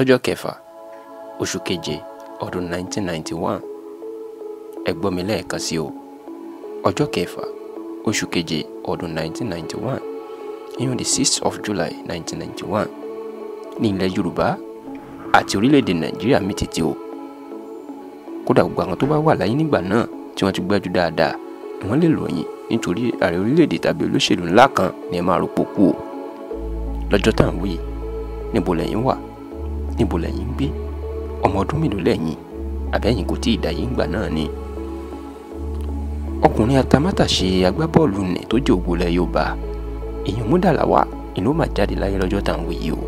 lọ́jọ́ kẹfà oṣù keje ọdún 1991 ẹ gbọ́ mi lẹ́ẹ̀kan sí o ọjọ́ kẹfà oṣù keje ọdún 1991 ìyẹn the 6th of July 1991 ní ilẹ̀ Yorùbá àti orílẹ̀-èdè Nàìjíríà mi tètè o kódà gbogbo àwọn tó bá wà láyé nígbà náà tí wọ́n ti gbẹ́jú dáadáa wọ́n lè lòyìn nítorí ààrẹ orílẹ̀-èdè tàbí olóṣèlú ńlá kan ní ẹ máa rò kú o lọ́jọ́ tá à ń wí níbo lẹ́yìn wà níbo lẹ́yìn ń gbé ọmọ ọdún mélòó lẹ́yìn àbẹ́yìn kò tí ì dàyé ńgbà náà ni. ọkùnrin atamátàṣe agbábọ́ọ̀lù nì tó jẹ́ ògbólẹ̀ Yorùbá èèyàn Múdàláwà ni ló máa jáde láyé lọ́jọ́ tá à ń wí yìí o.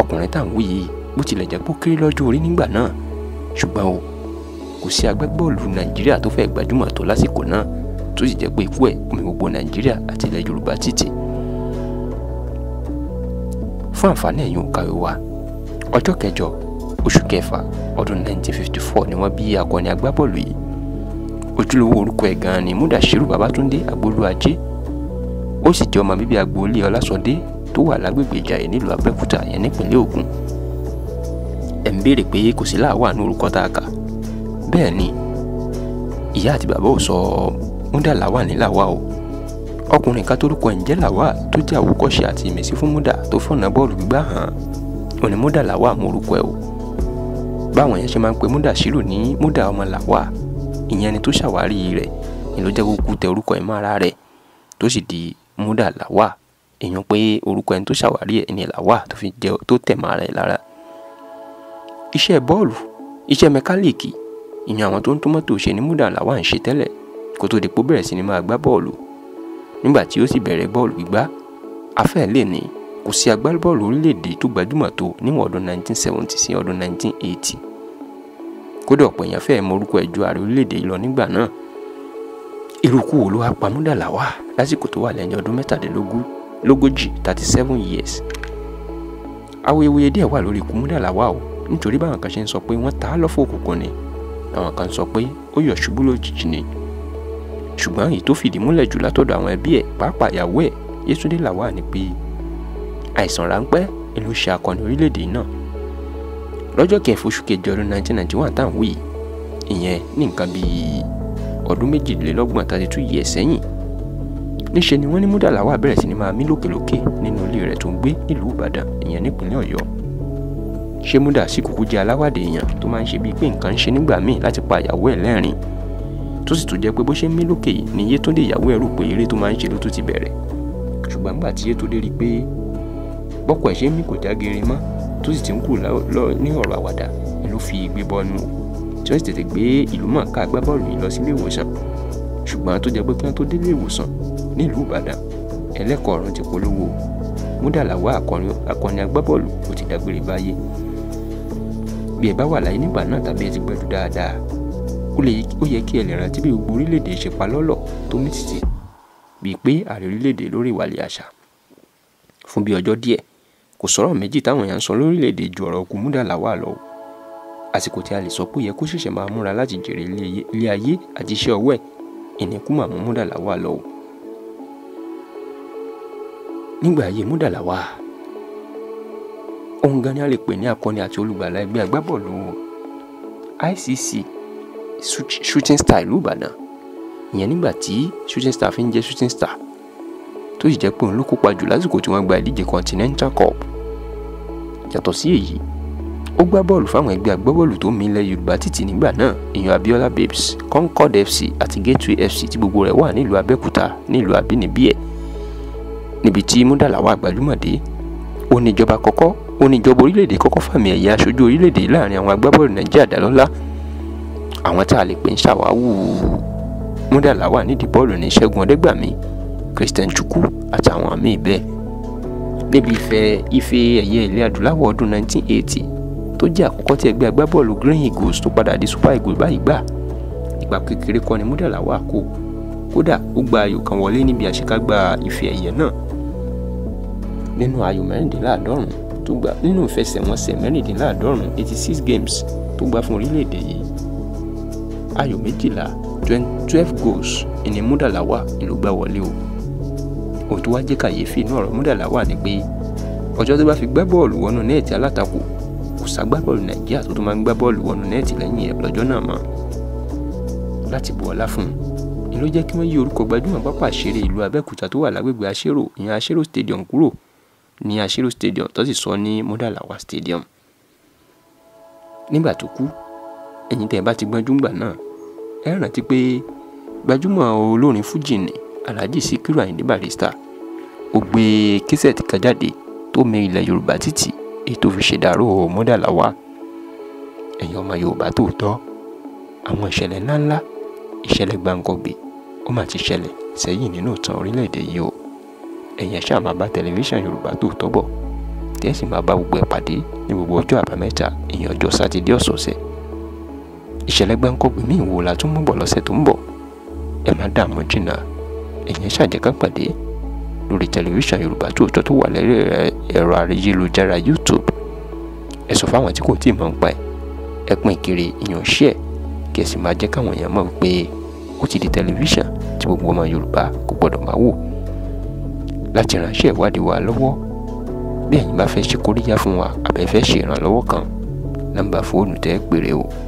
ọkùnrin tá à ń wí yìí bó tilẹ̀ jẹ́ pé ó kéré lọ́jọ́ orí nígbà náà ṣùgbọ́n o kò sí agbábọ́ọ̀lù Nàìjíríà tó fẹ́ gbajúmọ̀ tó lásìkò náà tó sì jẹ́ pé ikú ẹ̀ omi gbogbo Nàìjíríà àti ilẹ̀ Yorùbá títì fún àǹfààní ẹ̀yin òǹkàwé wa ọjọ́ kẹjọ oṣù kẹfà ọdún 1954 ni wọ́n bí akọni agbábọ́ọ̀lù yìí ojúlówó orúkọ ẹ̀ gan-an ni Múdàṣírù Babátúndé Agbólúajé ó sì jẹ́ ọmọ bíbí agboolé Ọlásọdé tó wà lágbègbè Ìjàyè nílùú Abẹ́òkúta yẹn nípínlẹ̀ Ògùn ẹ̀ ń béèrè pé kò sí láàwà ní orúkọ tá a kà bẹ́ẹ̀ ni ìyá àti bàbá ò sọ Múdàláwà níláwà o ọkùnrin kan tórúkọ ẹ̀ ń jẹ́ Lawal tó jẹ́ àwòkọ́ṣe àti ìmẹ̀sí fún Muda tó fọ̀nà bọ́ọ̀lù gbígbá hàn òní Muda Lawal morúkọ ẹ̀ o báwọn yẹn ṣe máa ń pe Muda Shiru ní Muda ọmọ Lawal ìyẹn ni tó ṣàwárí rẹ̀ ni ló jẹ́ kókó tẹ orúkọ ẹ̀ mára rẹ̀ tó sì di Muda Lawal èèyàn pé orúkọ ẹni tó ṣàwárí ẹ̀ ni Lawal tó fi jẹ tó tẹ̀ mára ẹ̀ lára iṣẹ́ bọ́ọ̀lù iṣẹ́ mẹkáníìkì ìyẹn àwọn tó ń tún ṣe ni Muda Lawal ń ṣe tẹ́lẹ̀ kó tó di pé bẹ̀rẹ̀ sí ni máa gbá bọ́ọ̀lù nígbà tí ó sì bẹ̀rẹ̀ bọ́ọ̀lù gbígbá afẹ́ lè ní kò sí agbábọ́ọ̀lù orílẹ̀-èdè tó gbajúmọ̀ tó níwọ̀n ọdún 1970 sí ọdún 1980 kódà ọ̀pọ̀ èèyàn fẹ́ẹ́ mọ orúkọ ẹ̀jọ́ ààrẹ orílẹ̀-èdè lọ nígbà náà eruku wo ló wá pamúdà làwà lásìkò tó wà lẹ́yìn ọdún mẹ́tàdínlógún lógójì thirty years awuyewuye díẹ̀ wà lórí ikú múdà làwà o nítorí báwọn kan ṣe ń sọ pé wọ́n ta á lọ́fọ̀ òkùnkùn ni àwọn kan sọ pé ó yọ̀ ṣubú lójijì ni ṣùgbọ́n èyí tó fìdí múlẹ̀ jù látọ̀dọ̀ àwọn ẹbí ẹ̀ pàápàá ìyàwó ẹ̀ Yétúndé Lawal ni pé àìsàn ráńpẹ́ ló ṣe akọni orílẹ̀-èdè náà lọ́jọ́ kẹfà oṣù kejì ọdún 1991 tá à ń wí ìyẹn ní nǹkan bíi ọdún méjìlélọ́gbọ̀n thirty two years sẹ́yìn níṣẹ́ ni wọ́n ní Muda Lawal bẹ̀rẹ̀ sí ni máa mí lókèlókè nínú ilé rẹ̀ tó ń gbé nílùú Ìbàdàn ìyẹn nípínlẹ̀ Ọ̀yọ́ ṣé Muda sì kúkú jẹ́ aláwàdé èèyàn tó máa ń ṣe bíi pé nǹkan ń ṣe nígbà míì láti pa ìyàwó ẹ̀ lẹ́rìn-ín tó sì tún jẹ́ pé bó ṣe ń mí lókè yìí ni Yétúndé ìyàwó ẹ̀ rò pé eré tó máa ń ṣe ló tún ti bẹ̀rẹ̀ ṣùgbọ́n nígbà tí Yétúndé rí i pé bọ́kọ̀ ẹ̀ ṣe ń mí kò já geere mọ́ tó sì ti ń kù ní ọ̀rọ̀ àwàdà ló fi gbé bọ́ọ̀nù tí wọ́n sì tètè gbé ìlú mọ̀ọ́ká agbábọ́ọ̀lù yìí lọ sílé ìwòsàn ṣùgbọ́n tó jẹ́ pé kí wọ́n tó délé ìwòsàn nílùú Ìbàdàn ẹlẹ́kọ̀ọ́ ọ̀run ti polówó Múdàláwá akọni agbábọ́ọ̀lù ó ti dágbére báyé bí ẹ bá wà láyé nígbà náà tàbí ẹ ti gbẹ́dú dáadáa ó yẹ kí ẹ lè rántí bí gbogbo orílẹ̀-èdè ṣe pa lọ́lọ̀ tó mì tìtì bíi pé ààrẹ orílẹ̀-èdè lórí ìwàlẹ̀ àṣà fún bí ọjọ́ díẹ̀ kò sọ̀rọ̀ méjì táwọn èèyàn ń sọ lórílẹ̀-èdè ju ọ̀rọ̀ ogun Múdàláwà lọ àsìkò tí a lè sọ pé ó yẹ kó ṣẹ̀ṣẹ̀ máa múra láti jèrè ilé ayé àti iṣẹ́ ọwọ́ ẹ̀ ìníkú màmú Múdàláwà lọ o nígbà ayé Múdàláwà òun gan ni a lè pè ní akọni àti olùgbàlà ẹgbẹ́ agbábọ́ọ̀lù ICC shooting star ìlú Ìbàdàn ìyẹn nígbà tí shooting star fi ń jẹ́ shooting star tó sì jẹ́ pé òun ló kópa jù lásìkò tí wọ́n gba ìdíje Continental Cup yàtọ̀ sí èyí ó gbá bọ́ọ̀lù fáwọn ẹgbẹ́ agbábọ́ọ̀lù tó mi ilẹ̀ Yorùbá títì nígbà náà èèyàn Abiola Babes Concord FC àti Gateway FC tí gbogbo rẹ̀ wà nílùú Abẹ́òkúta nílùú àbínibí ẹ̀ níbi tí Múdàláwà gbajúmọ̀dé ó ní ìjọba kọ́kọ́ ó ní ìjọba orílẹ̀-èdè kọ́kọ́ fàmì ẹ̀yẹ aṣojú orílẹ̀-èdè láàrin àwọn agbábọ́ọ̀lù Nàìjíríà dálọ́lá àwọn tá a lè pè ń ṣàwáwù múdàlá wà nídìí bọ́ọ̀lù ní ṣẹ́gun ọ̀dẹ́gbàmí christian chukwu àtàwọn míì bẹ́ẹ̀ níbi ìfẹ́ ife ẹ̀yẹ ilẹ̀ adúláwọ̀ ọdún 1980 tó jẹ́ àkọ́kọ́ tí ẹgbẹ́ agbábọ́ọ̀lù green eagles tó padà di super eagles báyìí gbà ìgbà kékeré kọ́ ni múdàlá wà kó kódà ó gba ayò kan wọlé níbi àṣekágbá ife ẹ̀yẹ náà nínú ayò mẹ́rìndínláàdọ́rùn tó gbà nínú ìfẹsẹ̀wọnsẹ̀ mẹ́rìndínláàdọ́rùn eighty six games tó gbà fún orílẹ̀ ayò méjìlá twelve goals ìní Múdàláwà ló gbá wọlé o òtún wá jẹ́ kàyéfì inú ọ̀rọ̀ Múdàláwà ni pé ọjọ́ tó bá fi gbá bọ́ọ̀lù wọnú nẹ́ẹ̀tì alátakò kò ságbábọ́ọ̀lù Nàìjíríà tó tún máa ń gbá bọ́ọ̀lù wọnú nẹ́ẹ̀tì lẹ́yìn ẹ̀ lọ́jọ́ náà mọ́ láti bu ọlá fún un ni ló jẹ́ kí wọ́n yí orúkọ gbajúmọ̀ pápá àṣeré ìlú Abẹ́òkúta tó wà lágbègbè àṣérò ìyẹn àṣérò stadium kúrò ní àṣírò stadium tó sì sọ ní Mọ́dàláwà stadium nígbà tó kú ẹ̀yin tẹ́ ẹ bá ti gbọ́njú gbà náà ẹ rántí pé gbajúmọ̀ olórin fújì ní alhaji sikiru ayinde barrister ó gbé kẹsẹ̀tì kan jáde tó mì ilẹ̀ yorùbá títì èyí tó fi ṣèdàrú mọ́dàláwà ẹ̀yin ọmọ yorùbá tòótọ́ àwọn ìṣẹ̀lẹ̀ ńláńlá ìṣẹ̀lẹ̀ gbàǹkọ̀gbì ó mà ti ṣẹlẹ̀ sẹ́yìn nínú ìtàn orílẹ̀-èdè yìí o ẹ̀yin ṣáà máa bá tẹlifíṣàn yorùbá tòótọ́ bọ̀ tẹ́sí máa bá gbogbo ẹ̀ pàdé ní gbogbo ọjọ́ àbámẹ́ta ìyẹn ọjọ́ sátidé ọ̀sọ̀ọ̀sẹ̀ ìṣẹ̀lẹ̀ gbáǹkọ́gbìn míì wò la tún mú bọ̀ lọ́sẹ̀ tó ń bọ̀ ẹ má dààmú jìnnà ẹ̀yin ṣàjẹ́ká pàdé lórí tẹlifíṣàn yorùbá tòótọ́ tó wà lẹ́rọ ẹ̀rọ ayélujára youtube ẹ sọ fáwọn tí kò tí ì mọ̀ ń pa ẹ̀ ẹ pín kiri ìyàn ṣí ẹ̀ kí ẹ sì máa jẹ́ káwọn èèyàn mọ̀ pé ó ti di tẹlifíṣàn tí gbogbo ọmọ yorùbá kò gbọdọ̀ máa wò láti ránṣẹ́ ìwádìí wa lọ́wọ́ bí ẹ̀yin bá fẹ́ ṣe kóríyá fún wa àbẹ́fẹ́ ṣe ìrànlọ́wọ́ kan nọ́mbà fóònù tẹ́ pèrè o 0244